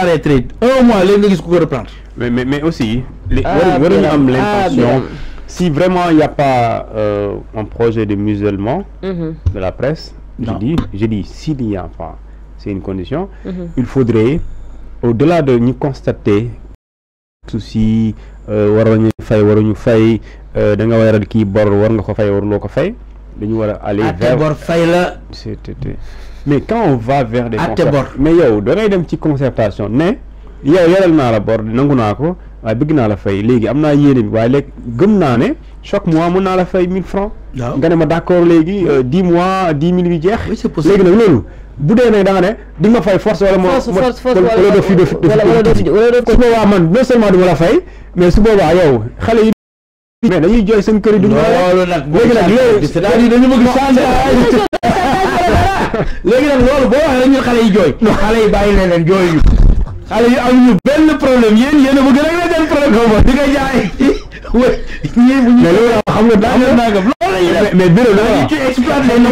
à Un mois, les négus qu'on reprendre. Mais, mais, aussi, les, ah, ah, si vraiment il n'y a pas euh, un projet de musellement mm-hmm. de la presse, j'ai dit, dis s'il n'y a pas, c'est une condition, mm-hmm. il faudrait, au-delà de nous constater souci euh, waro ñu fay waro ñu fay euh da nga wara ki bor war nga ko fay dañu war a aller vers Atebor fay la. mais quand on va vers des. Atebor mais yow da ngay dem ci concertation ne yow yoral naa la bor nangu naa ko waaye bëgg naa la fay léegi amna naa yéene bi waaye léegi gëm na né chaque mois mën naa la fay 1000 francs ngane ma d'accord accord 10 mois 10 000 bi jeex. léegi nag loolu. bu dee nag da nga né di nga fay force wala moo. force force force wala wala doo fi doo fi. wala wala doo fi wala doo fi su man non seulement du ma la fay mais su boobaa yow xale mais dañuy jooy seen kër yi duñu loolu boo waxee dañu xale yi jooy xale yi bàyyi leen leen jooy yu xale yu amuñu benn problème yéen yéen a bëgg rek la seen problème di nga jaay ñii bu xam nga daa nagam loolu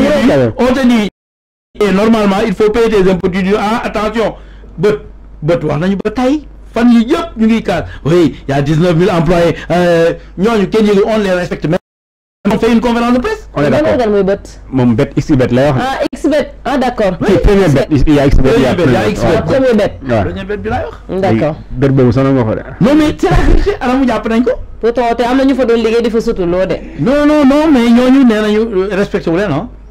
la normalement il faut payer tes impôts ah, attention bët bët wax nañu ba tey fan yii yëpp ñu ngi kaas oui y a dix neuf mille euh, kenn yëgul on les respecte mais on fait une conférence de presse. on est d'accord moom bet xbet lay wax. ah xbet ah d'accord. oui premier bet il y a xbet il y a premier bet premier bet bi laay wax. Mm, d'accord bet non mais c'est la vérité alamu jàpp nañ ko. pourtant te am na ñu fa doon liggéey di fa suturloo de. non non non mais ñooñu wu leen ah.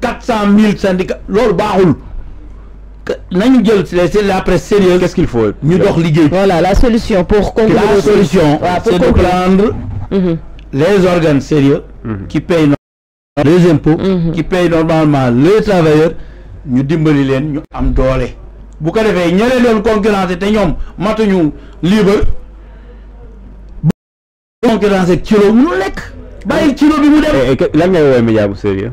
400 000 syndicats loolu baaxul la presse sérieuse qu'est-ce qu'il faut Nous devons voilà la solution pour conclure la solution c'est de prendre mm-hmm. les organes sérieux mm-hmm. qui payent les impôts mm-hmm. qui payent normalement les travailleurs Nous dimbali nous ñu am doole bu ko concurrence nous matuñu libre devons kilo sérieux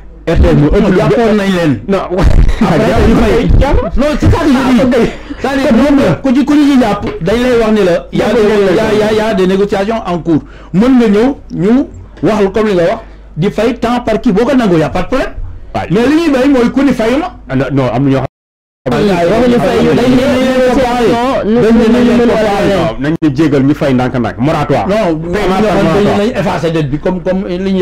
RTS ñu ëpp jàppoon nañ leen. non non ci ah, saa yu ku ñu ci jàpp. dañ lay wax ni la. y' a y' a des négociations en cours mën nga ñëw ñu waxal comme li nga wax di fay temps par kii boo ko nangoo y' a pas de problème. li ñuy béy mooy ku ni fayu ma. Ah, non am na ñoo xam nañ ñu jégal ñu fay ndànk-ndànk moratoire. non nañ effacé dette bi comme comme li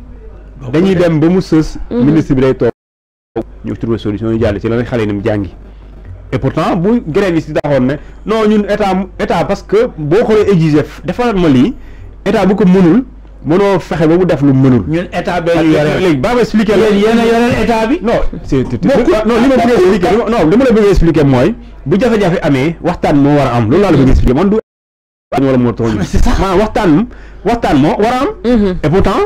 dañuy dem ba mu sës. Mhm. ministre bi day toog ñu trouver solution yu jàll ci lañu xale yi mu jàngi. et pourtant bu grève yi si taxoon ne non ñun état état parce que boo xoolee exigé defal ma lii état bu ko mënul mënoo fexe ba mu def lu mënul. ñun état bee ñu yore léegi ba ma expliqué la yéen a yoreel état bi. non c'est non li ma bëgg expliqué non li ma la bëgg expliqué mooy bu jafe-jafe amee waxtaan moo war a am loolu laa la bëgg expliqué man du. wala moo tax ñu waxtaan waxtaan moo war a am. Mhm. et pourtant.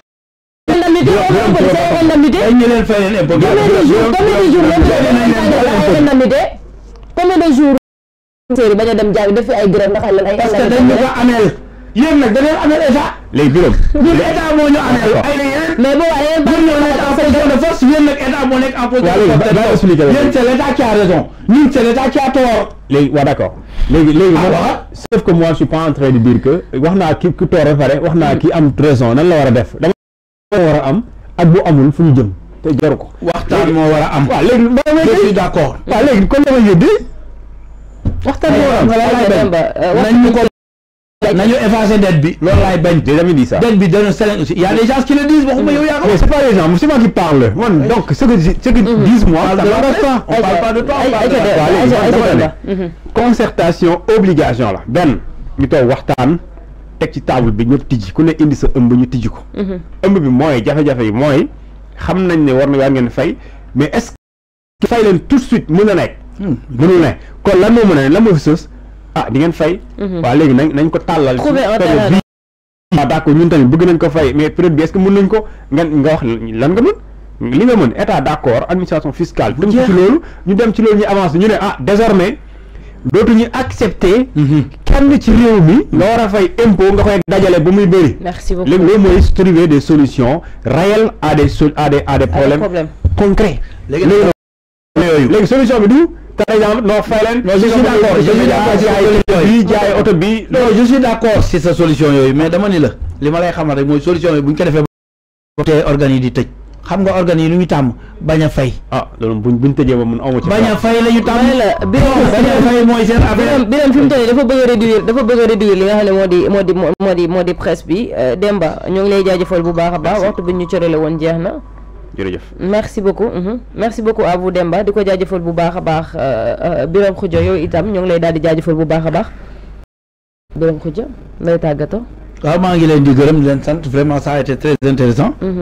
combien de jours a que les que moi je suis pas en train de dire que ki a def d'accord. y a des gens qui le disent c'est pas les gens qui parle. donc ce que disent moi. ça parle pas de toi on parle de concertation obligation la tek ci table bi ñëpp tiji ku ne indi sa ëmb ñu tiji ko. Mhm. ëmb bi moy jafé jafé yi mooy xam nañ ne war na yaa ngeen fay mais est-ce que fay leen tout de suite mën na nekk. Hmm. mënul nekk kon lan moo mën a ne lan ah di ngeen fay. Mhm. wa légui nañ nañ ko tàllal. période bi da ko ñun tamit bëgg nañ ko fay mais période bi est-ce que mën nañ ko nga nga wax lan nga mën. li nga mën état d'accord administration fiscale. dem ci loolu ñu dem ci loolu ñu avancé ñu ne ah désormais dootuñu accepter. Mhm. kenn ci réew mi. nga war a fay impôt nga koy dajale bu muy bëri. merci beaucoup léegi loolu mooy trouver des solutions réelles à des so à des à des problèmes concrets. léegi yooyu solution bi du. par exemple noo fay leen. je suis d'accord je suis d'accord bii jaay oto bi. non je suis d'accord si sa solution yooyu mais dama ni la li ma xamal rek mooy solution yi bu ñu ko defee ba. te di tëj. xam nga organ yi lu ñu tàmm bañ fay. ah loolu buñ buñ ñu tàmm la bañ a fay mooy seen dafa bëgg a réduire dafa bëgg a li nga xam ne moo di moo di moo di moo di presse bi euh, Demba ñoo ngi lay jaajëfal bu baax a baax waxtu bi ñu corale woon jeex na. jërëjëf merci beaucoup mhm. merci beaucoup à vous Demba di ko jaajëfal bu baax a baax euh, euh, Birame Khoudia yow itam ñoo ngi lay daal di jaajëfal bu baax a baax. Birame Khoudia lay tàggatoo. waaw maa ngi leen di gërëm leen sant vraiment ça a été très intéressant mhm.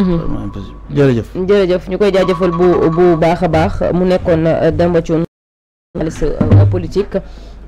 vraiment mm-hmm. impossible jërëjëf. jërëjëf ñu koy jaajëfal bu bu baax a baax mu nekkoon uh, Demba Thioune journaliste uh, politique.